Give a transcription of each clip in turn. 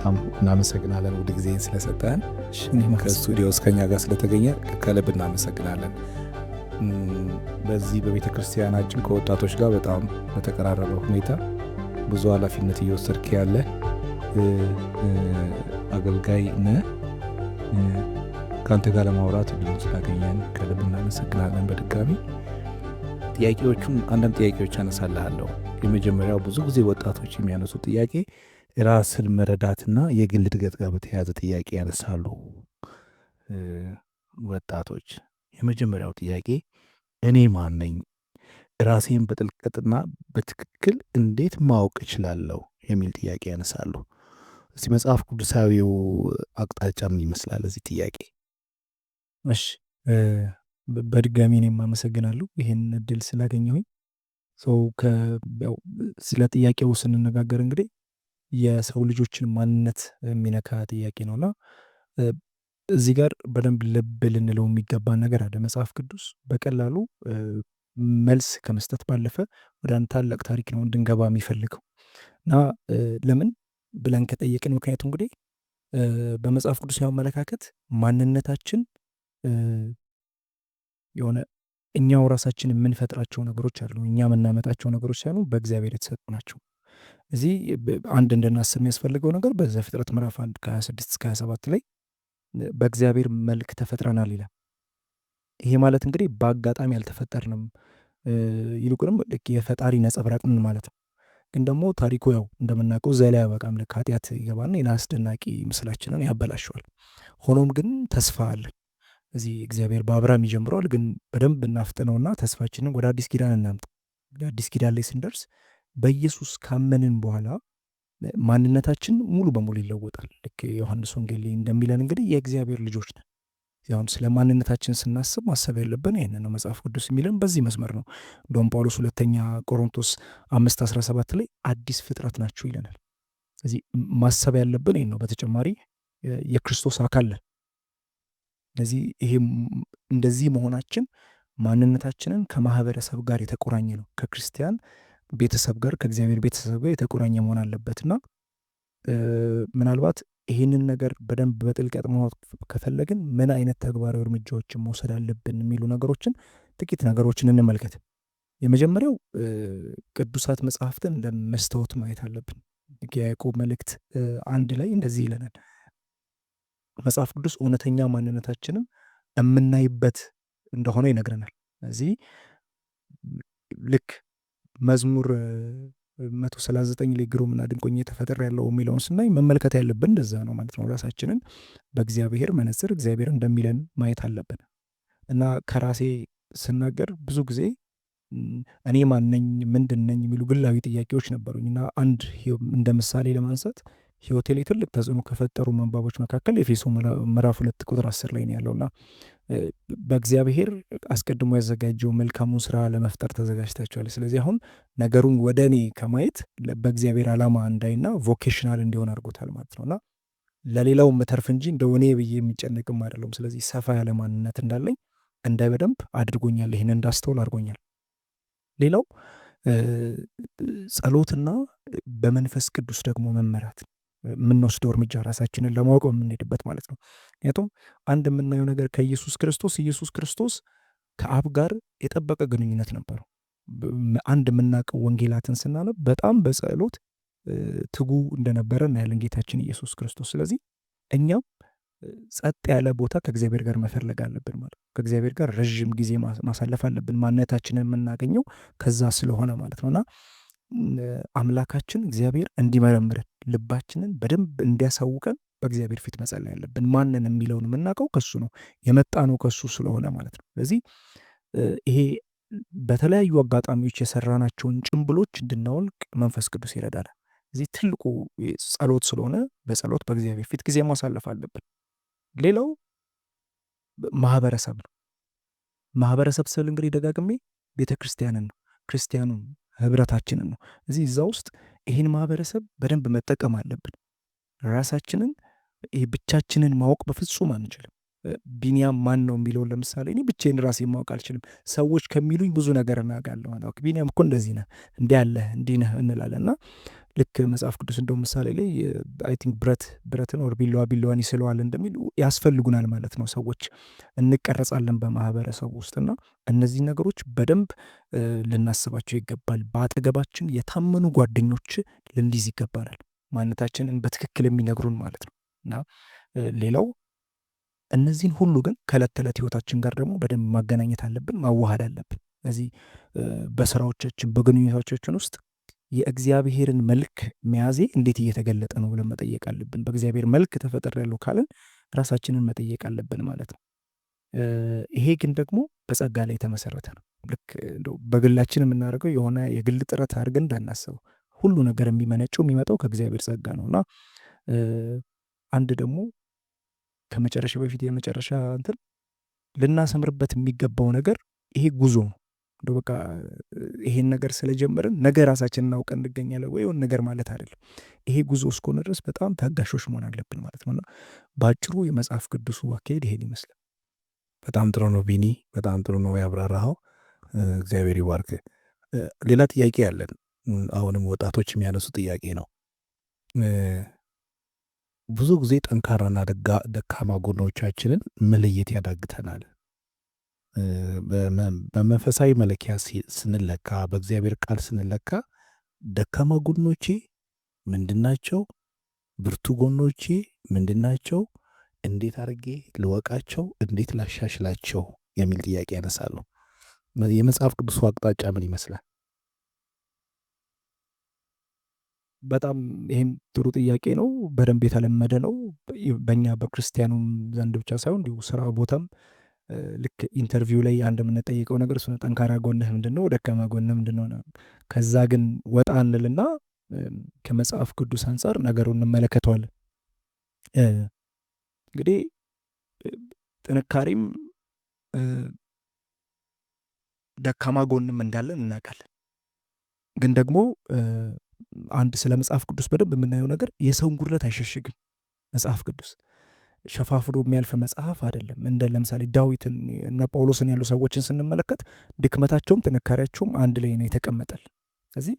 በጣም እናመሰግናለን። ውድ ጊዜን ስለሰጠን ከስቱዲዮ እስከኛ ጋር ስለተገኘ ከልብ እናመሰግናለን። በዚህ በቤተ ክርስቲያናችን ከወጣቶች ጋር በጣም በተቀራረበ ሁኔታ ብዙ ኃላፊነት እየወሰድክ ያለ አገልጋይ ነ ከአንተ ጋር ለማውራት ብዙ ስላገኘን ከልብ እናመሰግናለን። በድጋሚ ጥያቄዎቹም አንዳንድ ጥያቄዎች አነሳልሃለሁ። የመጀመሪያው ብዙ ጊዜ ወጣቶች የሚያነሱ ጥያቄ ራስን መረዳትና የግል እድገት ጋር በተያያዘ ጥያቄ ያነሳሉ ወጣቶች። የመጀመሪያው ጥያቄ እኔ ማን ነኝ? ራሴን በጥልቀትና በትክክል እንዴት ማወቅ እችላለሁ? የሚል ጥያቄ ያነሳሉ። እስቲ መጽሐፍ ቅዱሳዊው አቅጣጫ ምን ይመስላል እዚህ ጥያቄ? እሺ በድጋሚ እኔም አመሰግናለሁ ይህን እድል ስላገኘሁኝ። ሰው ስለ ጥያቄው ስንነጋገር እንግዲህ የሰው ልጆችን ማንነት የሚነካ ጥያቄ ነውና እዚህ ጋር በደንብ ልብ ልንለው የሚገባን ነገር አለ። መጽሐፍ ቅዱስ በቀላሉ መልስ ከመስጠት ባለፈ ወደ አንድ ታላቅ ታሪክ ነው እንድንገባ የሚፈልገው እና ለምን ብለን ከጠየቅን፣ ምክንያቱም እንግዲህ በመጽሐፍ ቅዱስ አመለካከት ማንነታችን የሆነ እኛው ራሳችን የምንፈጥራቸው ነገሮች አሉ። እኛ የምናመጣቸው ነገሮች ሳይሆኑ በእግዚአብሔር የተሰጡ ናቸው። እዚህ አንድ እንድናስብ የሚያስፈልገው ነገር በዘፍጥረት ምዕራፍ አንድ ከ26 እስከ 27 ላይ በእግዚአብሔር መልክ ተፈጥረናል ይላል። ይሄ ማለት እንግዲህ በአጋጣሚ አልተፈጠርንም፣ ይልቁንም የፈጣሪ ነጸብራቅን ማለት ነው። ግን ደግሞ ታሪኩ ያው እንደምናውቀው ዘላ ላይ አያበቃም። ልክ ኃጢአት ይገባና ይህን አስደናቂ ምስላችንን ያበላሸዋል። ሆኖም ግን ተስፋ አለ። እዚህ እግዚአብሔር በአብርሃም ይጀምረዋል፣ ግን በደንብ እናፍጥነውና ተስፋችንን ወደ አዲስ ኪዳን እናምጥ። አዲስ ኪዳን ላይ ስንደርስ በኢየሱስ ካመንን በኋላ ማንነታችን ሙሉ በሙሉ ይለወጣል። ልክ ዮሐንስ ወንጌል እንደሚለን እንግዲህ የእግዚአብሔር ልጆች ነን። አሁን ስለ ማንነታችን ስናስብ ማሰብ ያለብን ይህን ነው። መጽሐፍ ቅዱስ የሚለን በዚህ መስመር ነው። ዶን ጳውሎስ ሁለተኛ ቆሮንቶስ አምስት አስራ ሰባት ላይ አዲስ ፍጥረት ናችሁ ይለናል። እዚህ ማሰብ ያለብን ይህን ነው። በተጨማሪ የክርስቶስ አካል ነን። ይሄ እንደዚህ መሆናችን ማንነታችንን ከማህበረሰብ ጋር የተቆራኘ ነው ከክርስቲያን ቤተሰብ ጋር ከእግዚአብሔር ቤተሰብ ጋር የተቆራኘ መሆን አለበትና ምናልባት ይህንን ነገር በደንብ በጥልቀት ማወቅ ከፈለግን ምን አይነት ተግባራዊ እርምጃዎችን መውሰድ አለብን የሚሉ ነገሮችን ጥቂት ነገሮችን እንመልከት። የመጀመሪያው ቅዱሳት መጽሐፍትን መስታወት ማየት አለብን። የያዕቆብ መልእክት አንድ ላይ እንደዚህ ይለናል፣ መጽሐፍ ቅዱስ እውነተኛ ማንነታችንን የምናይበት እንደሆነ ይነግረናል። እዚህ ልክ መዝሙር መቶ ላይ ግሩምና ድንቆኝ ተፈጥሬ ያለው የሚለውን ስናይ መመልከት ያለብን እንደዛ ነው ማለት ነው። ራሳችንን በእግዚአብሔር መነጽር እግዚአብሔር እንደሚለን ማየት አለብን እና ከራሴ ስናገር ብዙ ጊዜ እኔ ማነኝ ምንድን ነኝ የሚሉ ግላዊ ጥያቄዎች ነበሩኝ እና አንድ እንደ ምሳሌ ለማንሳት ህይወቴ ላይ ትልቅ ተጽዕኖ ከፈጠሩ መንባቦች መካከል ኤፌሶ ምዕራፍ ሁለት ቁጥር አስር ላይ ነው ያለውና በእግዚአብሔር አስቀድሞ ያዘጋጀው መልካሙን ስራ ለመፍጠር ተዘጋጅታችኋል። ስለዚህ አሁን ነገሩን ወደ እኔ ከማየት በእግዚአብሔር ዓላማ እንዳይና ቮኬሽናል እንዲሆን አድርጎታል ማለት ነውና ለሌላው መተርፍ እንጂ እንደ እኔ ብዬ የሚጨነቅም አይደለም። ስለዚህ ሰፋ ያለ ማንነት እንዳለኝ እንዳይ በደንብ አድርጎኛል። ይህን እንዳስተውል አድርጎኛል። ሌላው ጸሎትና በመንፈስ ቅዱስ ደግሞ መመራት የምንወስደው እርምጃ ራሳችንን ለማወቅ የምንሄድበት ማለት ነው። ምክንያቱም አንድ የምናየው ነገር ከኢየሱስ ክርስቶስ ኢየሱስ ክርስቶስ ከአብ ጋር የጠበቀ ግንኙነት ነበረው። አንድ የምናውቀው ወንጌላትን ስናነብ በጣም በጸሎት ትጉ እንደነበረ እናያለን ጌታችን ኢየሱስ ክርስቶስ። ስለዚህ እኛም ጸጥ ያለ ቦታ ከእግዚአብሔር ጋር መፈለግ አለብን ማለት ነው። ከእግዚአብሔር ጋር ረዥም ጊዜ ማሳለፍ አለብን። ማንነታችንን የምናገኘው ከዛ ስለሆነ ማለት ነው እና አምላካችን እግዚአብሔር እንዲመረምረን ልባችንን በደንብ እንዲያሳውቀን በእግዚአብሔር ፊት መጸለይ ያለብን። ማንን የሚለውን የምናውቀው ከሱ ነው፣ የመጣ ነው ከሱ ስለሆነ ማለት ነው። ስለዚህ ይሄ በተለያዩ አጋጣሚዎች የሰራናቸውን ጭንብሎች እንድናወልቅ መንፈስ ቅዱስ ይረዳል። እዚህ ትልቁ ጸሎት ስለሆነ በጸሎት በእግዚአብሔር ፊት ጊዜ ማሳለፍ አለብን። ሌላው ማህበረሰብ ነው። ማህበረሰብ ስል እንግዲህ ደጋግሜ ቤተ ክርስቲያንን ነው ክርስቲያኑን ህብረታችንን ነው። እዚህ እዛ ውስጥ ይህን ማህበረሰብ በደንብ መጠቀም አለብን። ራሳችንን ብቻችንን ማወቅ በፍጹም አንችልም። ቢኒያም ማን ነው የሚለውን ለምሳሌ እኔ ብቻዬን ራሴ ማወቅ አልችልም። ሰዎች ከሚሉኝ ብዙ ነገር እናውቃለሁ። ቢኒያም እኮ እንደዚህ ነህ፣ እንዲህ አለህ፣ እንዲህ ነህ እንላለና ልክ መጽሐፍ ቅዱስ እንደው ምሳሌ ላይ አይ ቲንክ ብረት ብረትን ወር ቢላዋ ቢላዋን ይስለዋል እንደሚሉ ያስፈልጉናል ማለት ነው። ሰዎች እንቀረጻለን በማህበረሰቡ ውስጥና እነዚህ ነገሮች በደንብ ልናስባቸው ይገባል። በአጠገባችን የታመኑ ጓደኞች ልንይዝ ይገባናል፣ ማንነታችንን በትክክል የሚነግሩን ማለት ነው። እና ሌላው እነዚህን ሁሉ ግን ከእለት ተዕለት ህይወታችን ጋር ደግሞ በደንብ ማገናኘት አለብን፣ ማዋሃድ አለብን። እዚህ በስራዎቻችን በግንኙነቶቻችን ውስጥ የእግዚአብሔርን መልክ መያዜ እንዴት እየተገለጠ ነው ብለን መጠየቅ አለብን። በእግዚአብሔር መልክ ተፈጥሬያለሁ ካልን ራሳችንን መጠየቅ አለብን ማለት ነው። ይሄ ግን ደግሞ በጸጋ ላይ የተመሰረተ ነው። ልክ በግላችን የምናደርገው የሆነ የግል ጥረት አድርገን እንዳናስበው ሁሉ ነገር የሚመነጨው የሚመጣው ከእግዚአብሔር ጸጋ ነው እና አንድ ደግሞ ከመጨረሻ በፊት የመጨረሻ እንትን ልናሰምርበት የሚገባው ነገር ይሄ ጉዞ ነው። እንደው በቃ ይሄን ነገር ስለጀመርን ነገ ራሳችን እናውቀ እንገኛለን ወይ ነገር ማለት አይደለም። ይሄ ጉዞ እስከሆነ ድረስ በጣም ታጋሾች መሆን አለብን ማለት ነውና በአጭሩ የመጽሐፍ ቅዱሱ አካሄድ ይሄን ይመስላል። በጣም ጥሩ ነው ቢኒ፣ በጣም ጥሩ ነው ያብራራኸው። እግዚአብሔር ይባርክ። ሌላ ጥያቄ ያለን አሁንም ወጣቶች የሚያነሱ ጥያቄ ነው። ብዙ ጊዜ ጠንካራና ደካማ ጎኖቻችንን መለየት ያዳግተናል። በመንፈሳዊ መለኪያ ስንለካ በእግዚአብሔር ቃል ስንለካ ደካማ ጎኖቼ ምንድናቸው? ብርቱ ጎኖቼ ምንድናቸው? እንዴት አድርጌ ልወቃቸው? እንዴት ላሻሽላቸው? የሚል ጥያቄ ያነሳሉ። የመጽሐፍ ቅዱሱ አቅጣጫ ምን ይመስላል? በጣም ይህም ጥሩ ጥያቄ ነው። በደንብ የተለመደ ነው። በእኛ በክርስቲያኑም ዘንድ ብቻ ሳይሆን እንዲሁ ስራ ቦታም ልክ ኢንተርቪው ላይ አንድ የምንጠይቀው ነገር እሱ ጠንካራ ጎንህ ምንድን ነው፣ ደካማ ጎንህ ምንድን ነው? ከዛ ግን ወጣ እንልና ከመጽሐፍ ቅዱስ አንጻር ነገሩን እንመለከተዋለን። እንግዲህ ጥንካሬም ደካማ ጎንም እንዳለን እናውቃለን። ግን ደግሞ አንድ ስለ መጽሐፍ ቅዱስ በደንብ የምናየው ነገር የሰውን ጉድለት አይሸሽግም መጽሐፍ ቅዱስ ሸፋፍዶ የሚያልፍ መጽሐፍ አይደለም። እንደ ለምሳሌ ዳዊትን እና ጳውሎስን ያሉ ሰዎችን ስንመለከት ድክመታቸውም ጥንካሬያቸውም አንድ ላይ ነው የተቀመጠል። ስለዚህ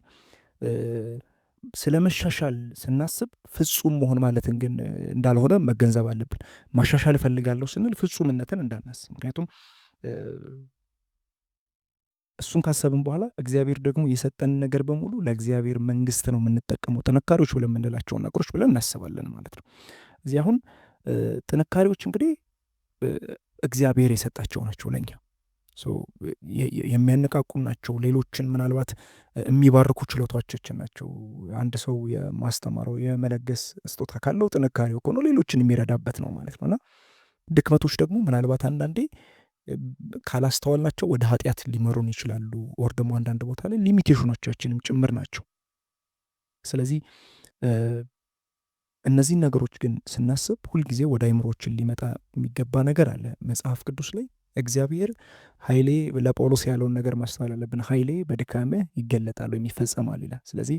ስለ መሻሻል ስናስብ ፍጹም መሆን ማለትን ግን እንዳልሆነ መገንዘብ አለብን። ማሻሻል እፈልጋለሁ ስንል ፍጹምነትን እንዳናስብ፣ ምክንያቱም እሱን ካሰብን በኋላ እግዚአብሔር ደግሞ የሰጠን ነገር በሙሉ ለእግዚአብሔር መንግስት ነው የምንጠቀመው ጥንካሬዎች ብለን የምንላቸውን ነገሮች ብለን እናስባለን ማለት ነው እዚህ አሁን ጥንካሬዎች እንግዲህ እግዚአብሔር የሰጣቸው ናቸው ለኛ የሚያነቃቁም ናቸው። ሌሎችን ምናልባት የሚባርኩ ችሎታዎቻችን ናቸው። አንድ ሰው የማስተማረው የመለገስ ስጦታ ካለው ጥንካሬው ከሆነ ሌሎችን የሚረዳበት ነው ማለት ነው እና ድክመቶች ደግሞ ምናልባት አንዳንዴ ካላስተዋልናቸው ወደ ኃጢአት ሊመሩን ይችላሉ። ወር ደግሞ አንዳንድ ቦታ ላይ ሊሚቴሽኖቻችንም ጭምር ናቸው። ስለዚህ እነዚህን ነገሮች ግን ስናስብ ሁልጊዜ ወደ አይምሮችን ሊመጣ የሚገባ ነገር አለ። መጽሐፍ ቅዱስ ላይ እግዚአብሔር ኃይሌ ለጳውሎስ ያለውን ነገር ማስተዋል አለብን። ኃይሌ በድካሜ ይገለጣል ወይም ይፈጸማል ይላል። ስለዚህ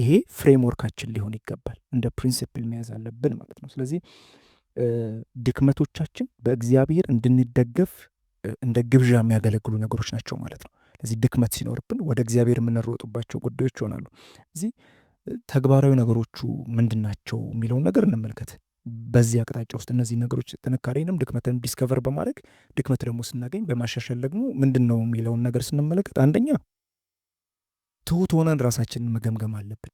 ይሄ ፍሬምወርካችን ሊሆን ይገባል፣ እንደ ፕሪንሲፕል መያዝ አለብን ማለት ነው። ስለዚህ ድክመቶቻችን በእግዚአብሔር እንድንደገፍ እንደ ግብዣ የሚያገለግሉ ነገሮች ናቸው ማለት ነው። ስለዚህ ድክመት ሲኖርብን ወደ እግዚአብሔር የምንሮጡባቸው ጉዳዮች ይሆናሉ እዚህ ተግባራዊ ነገሮቹ ምንድን ናቸው የሚለውን ነገር እንመልከት። በዚህ አቅጣጫ ውስጥ እነዚህ ነገሮች ጥንካሬንም ድክመትን ዲስከቨር በማድረግ ድክመት ደግሞ ስናገኝ በማሻሻል ደግሞ ምንድን ነው የሚለውን ነገር ስንመለከት አንደኛ ትሁት ሆነን ራሳችንን መገምገም አለብን።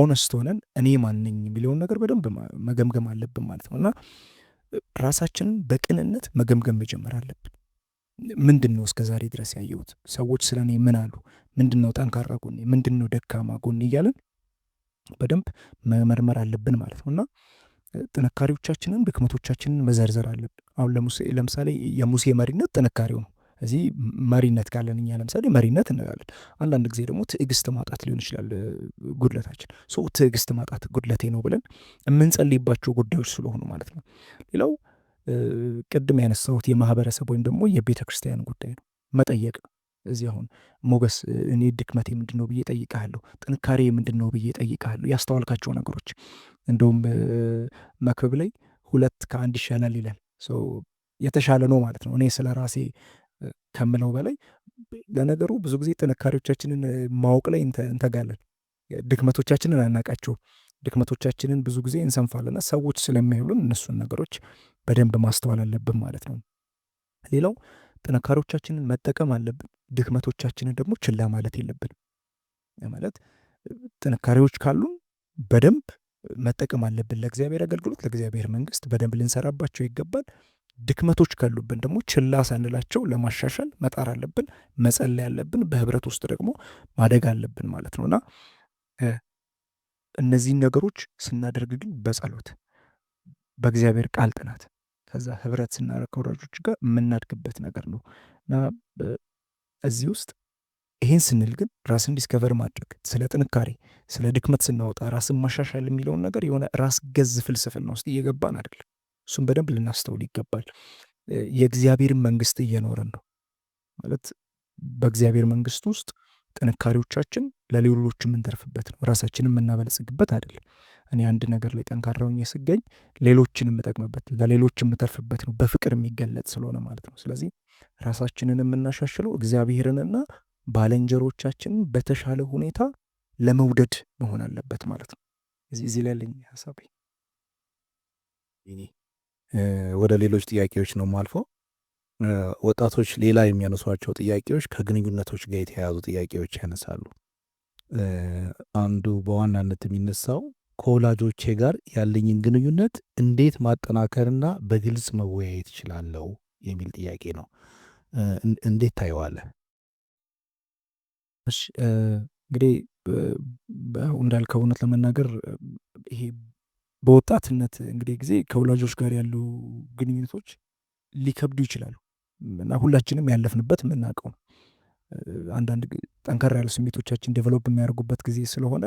ኦነስት ሆነን እኔ ማንኝ የሚለውን ነገር በደንብ መገምገም አለብን ማለት ነው እና ራሳችንን በቅንነት መገምገም መጀመር አለብን። ምንድን ነው እስከ ዛሬ ድረስ ያየሁት? ሰዎች ስለ እኔ ምን አሉ? ምንድን ነው ጠንካራ ጎኔ? ምንድን ነው ደካማ ጎኔ? እያለን በደንብ መመርመር አለብን ማለት ነው። እና ጥንካሬዎቻችንን ድክመቶቻችንን መዘርዘር አለብን። አሁን ለሙሴ ለምሳሌ የሙሴ መሪነት ጥንካሬው ነው። እዚህ መሪነት ካለን እኛ ለምሳሌ መሪነት እንላለን። አንዳንድ ጊዜ ደግሞ ትዕግስት ማጣት ሊሆን ይችላል ጉድለታችን። ሶ ትዕግስት ማጣት ጉድለቴ ነው ብለን የምንጸልይባቸው ጉዳዮች ስለሆኑ ማለት ነው። ሌላው ቅድም ያነሳሁት የማህበረሰብ ወይም ደግሞ የቤተ ክርስቲያን ጉዳይ ነው። መጠየቅ እዚህ አሁን ሞገስ እኔ ድክመቴ ምንድን ነው ብዬ ጠይቃለሁ፣ ጥንካሬ ምንድን ነው ብዬ ጠይቃለሁ። ያስተዋልካቸው ነገሮች እንደውም መክብብ ላይ ሁለት ከአንድ ይሻላል ይላል። የተሻለ ነው ማለት ነው። እኔ ስለ ራሴ ከምለው በላይ ለነገሩ ብዙ ጊዜ ጥንካሬዎቻችንን ማወቅ ላይ እንተጋለን፣ ድክመቶቻችንን አናቃቸው። ድክመቶቻችንን ብዙ ጊዜ እንሰንፋለና ሰዎች ስለሚያዩልን እነሱን ነገሮች በደንብ ማስተዋል አለብን ማለት ነው። ሌላው ጥንካሬዎቻችንን መጠቀም አለብን። ድክመቶቻችንን ደግሞ ችላ ማለት የለብን ማለት ጥንካሬዎች ካሉን በደንብ መጠቀም አለብን። ለእግዚአብሔር አገልግሎት፣ ለእግዚአብሔር መንግስት በደንብ ልንሰራባቸው ይገባል። ድክመቶች ካሉብን ደግሞ ችላ ሳንላቸው ለማሻሻል መጣር አለብን፣ መጸለይ አለብን። በህብረት ውስጥ ደግሞ ማደግ አለብን ማለት ነው እና እነዚህን ነገሮች ስናደርግ ግን በጸሎት በእግዚአብሔር ቃል ጥናት ከዛ ህብረት ስናደርግ ከወዳጆች ጋር የምናድግበት ነገር ነው እና እዚህ ውስጥ ይሄን ስንል ግን ራስን ዲስከቨር ማድረግ ስለ ጥንካሬ፣ ስለ ድክመት ስናወጣ ራስን ማሻሻል የሚለውን ነገር የሆነ ራስ ገዝ ፍልስፍና ውስጥ እየገባን አይደለም። እሱም በደንብ ልናስተውል ይገባል። የእግዚአብሔር መንግስት እየኖረን ነው ማለት በእግዚአብሔር መንግስት ውስጥ ጥንካሬዎቻችን ለሌሎች የምንተርፍበት ነው፣ ራሳችንን የምናበለጽግበት አይደለም። እኔ አንድ ነገር ላይ ጠንካራ ሆኜ ስገኝ ሌሎችን የምጠቅምበት ለሌሎች የምተርፍበት ነው፣ በፍቅር የሚገለጥ ስለሆነ ማለት ነው። ስለዚህ ራሳችንን የምናሻሽለው እግዚአብሔርንና ባለንጀሮቻችንን በተሻለ ሁኔታ ለመውደድ መሆን አለበት ማለት ነው። እዚህ ላይ ያለኝ ሀሳብ ወደ ሌሎች ጥያቄዎች ነው ማልፎ ወጣቶች ሌላ የሚያነሷቸው ጥያቄዎች ከግንኙነቶች ጋር የተያያዙ ጥያቄዎች ያነሳሉ። አንዱ በዋናነት የሚነሳው ከወላጆቼ ጋር ያለኝን ግንኙነት እንዴት ማጠናከርና በግልጽ መወያየት እችላለሁ የሚል ጥያቄ ነው። እንዴት ታየዋለ? እሺ እንግዲህ እንዳልከው እውነት ለመናገር ይሄ በወጣትነት እንግዲህ ጊዜ ከወላጆች ጋር ያሉ ግንኙነቶች ሊከብዱ ይችላሉ እና ሁላችንም ያለፍንበት የምናውቀው ነው። አንዳንድ ጠንከር ያሉ ስሜቶቻችን ዴቨሎፕ የሚያደርጉበት ጊዜ ስለሆነ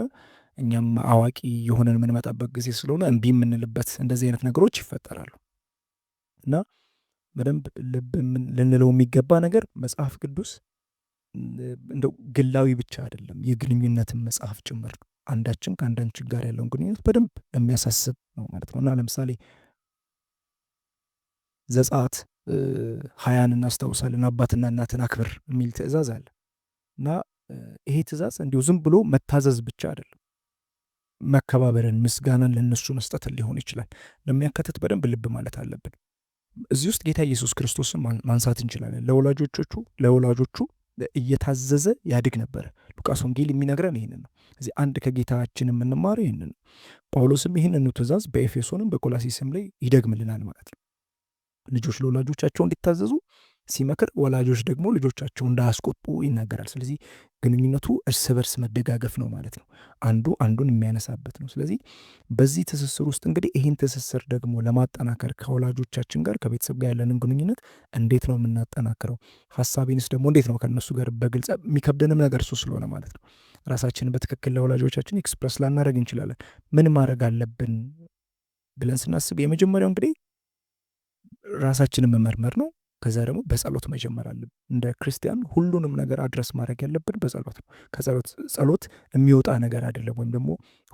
እኛም አዋቂ የሆነን የምንመጣበት ጊዜ ስለሆነ እምቢ የምንልበት እንደዚህ አይነት ነገሮች ይፈጠራሉ እና በደንብ ልብ ልንለው የሚገባ ነገር መጽሐፍ ቅዱስ እንደው ግላዊ ብቻ አይደለም፣ የግንኙነትን መጽሐፍ ጭምር ነው። አንዳችን ከአንዳችን ጋር ያለውን ግንኙነት በደንብ የሚያሳስብ ነው ማለት ነው እና ለምሳሌ ዘጸአት ሀያን እናስታውሳለን አባትና እናትን አክብር የሚል ትእዛዝ አለ እና ይሄ ትእዛዝ እንዲሁ ዝም ብሎ መታዘዝ ብቻ አይደለም። መከባበርን፣ ምስጋናን ለእነሱ መስጠት ሊሆን ይችላል። ለሚያካትት በደንብ ልብ ማለት አለብን። እዚህ ውስጥ ጌታ ኢየሱስ ክርስቶስን ማንሳት እንችላለን። ለወላጆቹ ለወላጆቹ እየታዘዘ ያድግ ነበረ። ሉቃስ ወንጌል የሚነግረን ይህንን ነው። እዚህ አንድ ከጌታችን የምንማረው ይህንን ነው። ጳውሎስም ይህንኑ ትእዛዝ በኤፌሶንም በቆላሲስም ላይ ይደግምልናል ማለት ነው። ልጆች ለወላጆቻቸው እንዲታዘዙ ሲመክር፣ ወላጆች ደግሞ ልጆቻቸው እንዳያስቆጡ ይናገራል። ስለዚህ ግንኙነቱ እርስ በርስ መደጋገፍ ነው ማለት ነው። አንዱ አንዱን የሚያነሳበት ነው። ስለዚህ በዚህ ትስስር ውስጥ እንግዲህ ይህን ትስስር ደግሞ ለማጠናከር ከወላጆቻችን ጋር ከቤተሰብ ጋር ያለንን ግንኙነት እንዴት ነው የምናጠናክረው? ሀሳቤንስ ደግሞ እንዴት ነው ከእነሱ ጋር በግልጽ የሚከብደንም ነገር እሱ ስለሆነ ማለት ነው ራሳችንን በትክክል ለወላጆቻችን ኤክስፕረስ ላናደረግ እንችላለን። ምን ማድረግ አለብን ብለን ስናስብ የመጀመሪያው እንግዲህ ራሳችንን መመርመር ነው። ከዛ ደግሞ በጸሎት መጀመር አለብን። እንደ ክርስቲያን ሁሉንም ነገር አድረስ ማድረግ ያለብን በጸሎት ነው። ከጸሎት ጸሎት የሚወጣ ነገር አይደለም፣ ወይም ደግሞ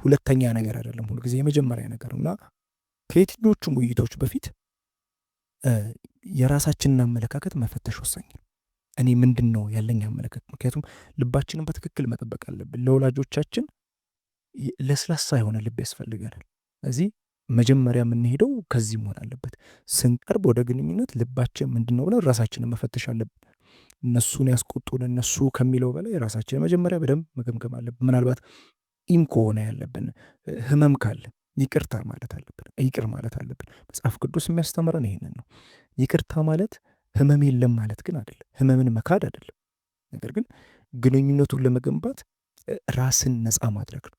ሁለተኛ ነገር አይደለም፣ ሁሉ ጊዜ የመጀመሪያ ነገር ነው እና ከየትኞቹም ውይይቶች በፊት የራሳችንን አመለካከት መፈተሽ ወሳኝ ነው። እኔ ምንድን ነው ያለኝ አመለካከት? ምክንያቱም ልባችንን በትክክል መጠበቅ አለብን። ለወላጆቻችን ለስላሳ የሆነ ልብ ያስፈልገናል። እዚህ መጀመሪያ የምንሄደው ከዚህ መሆን አለበት። ስንቀርብ ወደ ግንኙነት ልባችን ምንድን ነው ብለን ራሳችንን መፈተሽ አለብን። እነሱን ያስቆጡን እነሱ ከሚለው በላይ ራሳችን መጀመሪያ በደንብ መገምገም አለብን። ምናልባት ኢም ከሆነ ያለብን ህመም ካለ ይቅርታ ማለት አለብን፣ ይቅር ማለት አለብን። መጽሐፍ ቅዱስ የሚያስተምረን ይሄንን ነው። ይቅርታ ማለት ህመም የለም ማለት ግን አይደለም፣ ህመምን መካድ አይደለም። ነገር ግን ግንኙነቱን ለመገንባት ራስን ነፃ ማድረግ ነው።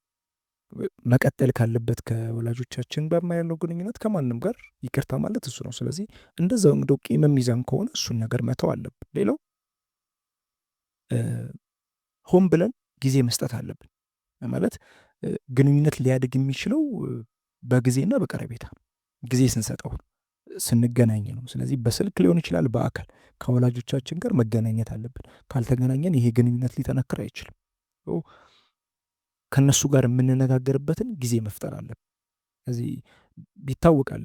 መቀጠል ካለበት ከወላጆቻችን ጋር ያለው ግንኙነት ከማንም ጋር ይቅርታ ማለት እሱ ነው። ስለዚህ እንደዛው እንግዲህ ቂም የሚይዘን ከሆነ እሱን ነገር መተው አለብን። ሌላው ሆን ብለን ጊዜ መስጠት አለብን። ማለት ግንኙነት ሊያድግ የሚችለው በጊዜና በቀረቤታ ጊዜ ስንሰጠው ስንገናኝ ነው። ስለዚህ በስልክ ሊሆን ይችላል፣ በአካል ከወላጆቻችን ጋር መገናኘት አለብን። ካልተገናኘን ይሄ ግንኙነት ሊጠነክር አይችልም። ከነሱ ጋር የምንነጋገርበትን ጊዜ መፍጠር አለን። እዚህ ይታወቃል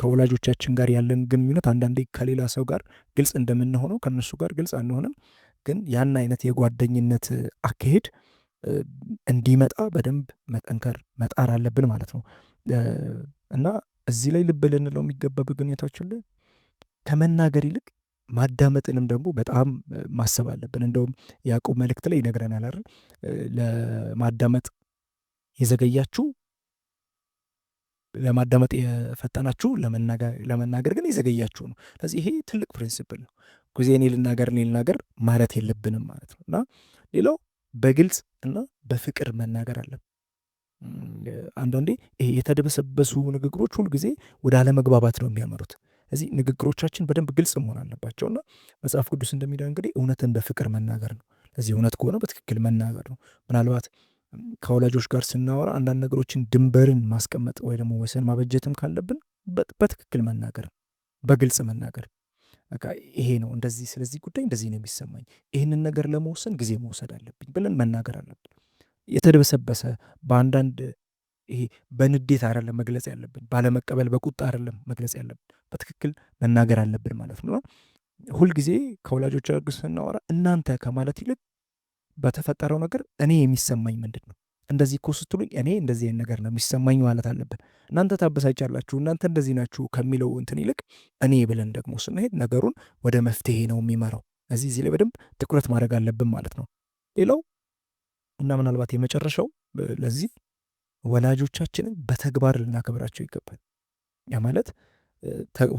ከወላጆቻችን ጋር ያለን ግንኙነት አንዳንዴ ከሌላ ሰው ጋር ግልጽ እንደምንሆነው ከነሱ ጋር ግልጽ አንሆንም። ግን ያን አይነት የጓደኝነት አካሄድ እንዲመጣ በደንብ መጠንከር መጣር አለብን ማለት ነው እና እዚህ ላይ ልብ ልንለው የሚገባ በግንኙነታችን ላይ ከመናገር ይልቅ ማዳመጥንም ደግሞ በጣም ማሰብ አለብን። እንደውም ያዕቆብ መልእክት ላይ ይነግረናል አይደል? ለማዳመጥ የዘገያችሁ ለማዳመጥ የፈጠናችሁ ለመናገር ግን የዘገያችሁ ነው። ስለዚህ ይሄ ትልቅ ፕሪንስፕል ነው። ጊዜ እኔ ልናገር እኔ ልናገር ማለት የለብንም ማለት ነው እና ሌላው በግልጽ እና በፍቅር መናገር አለብን። አንዳንዴ የተደበሰበሱ ንግግሮች ሁልጊዜ ወደ አለመግባባት ነው የሚያመሩት። እዚህ ንግግሮቻችን በደንብ ግልጽ መሆን አለባቸውና መጽሐፍ ቅዱስ እንደሚለው እንግዲህ እውነትን በፍቅር መናገር ነው። ለዚህ እውነት ከሆነ በትክክል መናገር ነው። ምናልባት ከወላጆች ጋር ስናወራ አንዳንድ ነገሮችን ድንበርን ማስቀመጥ ወይ ደግሞ ወሰን ማበጀትም ካለብን በትክክል መናገር፣ በግልጽ መናገር ይሄ ነው እንደዚህ፣ ስለዚህ ጉዳይ እንደዚህ ነው የሚሰማኝ፣ ይህንን ነገር ለመወሰን ጊዜ መውሰድ አለብኝ ብለን መናገር አለብን። የተደበሰበሰ በአንዳንድ ይሄ በንዴት አይደለም መግለጽ ያለብን፣ ባለመቀበል በቁጣ አይደለም መግለጽ ያለብን፣ በትክክል መናገር አለብን ማለት ነው። ሁልጊዜ ከወላጆች ጋር ስናወራ እናንተ ከማለት ይልቅ በተፈጠረው ነገር እኔ የሚሰማኝ ምንድን ነው እንደዚህ እኮ ስትሉኝ እኔ እንደዚህ አይነት ነገር ነው የሚሰማኝ ማለት አለብን። እናንተ ታበሳጫላችሁ፣ እናንተ እንደዚህ ናችሁ ከሚለው እንትን ይልቅ እኔ ብለን ደግሞ ስንሄድ ነገሩን ወደ መፍትሄ ነው የሚመራው። እዚህ እዚህ ላይ በደንብ ትኩረት ማድረግ አለብን ማለት ነው። ሌላው እና ምናልባት የመጨረሻው ለዚህ ወላጆቻችንን በተግባር ልናከብራቸው ይገባል። ያ ማለት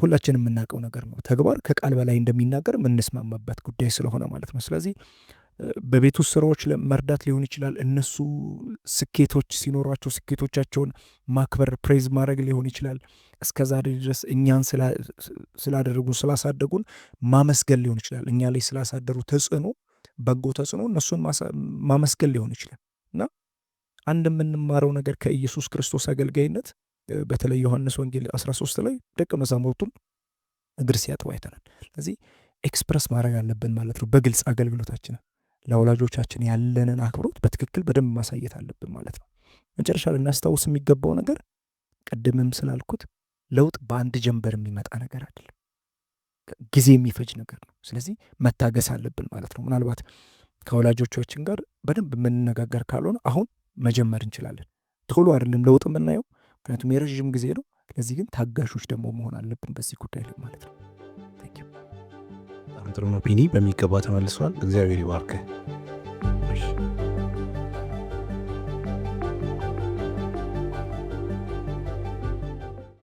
ሁላችንም የምናውቀው ነገር ነው። ተግባር ከቃል በላይ እንደሚናገር የምንስማማበት ጉዳይ ስለሆነ ማለት ነው። ስለዚህ በቤት ውስጥ ስራዎች መርዳት ሊሆን ይችላል። እነሱ ስኬቶች ሲኖሯቸው ስኬቶቻቸውን ማክበር ፕሬዝ ማድረግ ሊሆን ይችላል። እስከዛ ድረስ እኛን ስላደረጉን ስላሳደጉን ማመስገን ሊሆን ይችላል። እኛ ላይ ስላሳደሩ ተጽዕኖ፣ በጎ ተጽዕኖ እነሱን ማመስገን ሊሆን ይችላል እና አንድ የምንማረው ነገር ከኢየሱስ ክርስቶስ አገልጋይነት በተለይ ዮሐንስ ወንጌል 13 ላይ ደቀ መዛሙርቱን እግር ሲያጥቡ አይተናል። ስለዚህ ኤክስፕረስ ማድረግ አለብን ማለት ነው። በግልጽ አገልግሎታችን ለወላጆቻችን ያለንን አክብሮት በትክክል በደንብ ማሳየት አለብን ማለት ነው። መጨረሻ ልናስታውስ የሚገባው ነገር ቅድምም ስላልኩት ለውጥ በአንድ ጀንበር የሚመጣ ነገር አይደለም፣ ጊዜ የሚፈጅ ነገር ነው። ስለዚህ መታገስ አለብን ማለት ነው። ምናልባት ከወላጆቻችን ጋር በደንብ የምንነጋገር ካልሆነ አሁን መጀመር እንችላለን። ቶሎ አይደለም ለውጥ የምናየው፣ ምክንያቱም የረዥም ጊዜ ነው። ለዚህ ግን ታጋሾች ደግሞ መሆን አለብን በዚህ ጉዳይ ላይ ማለት ነው። ጥሩ ነው በሚገባ ተመልሷል። እግዚአብሔር ይባርክ።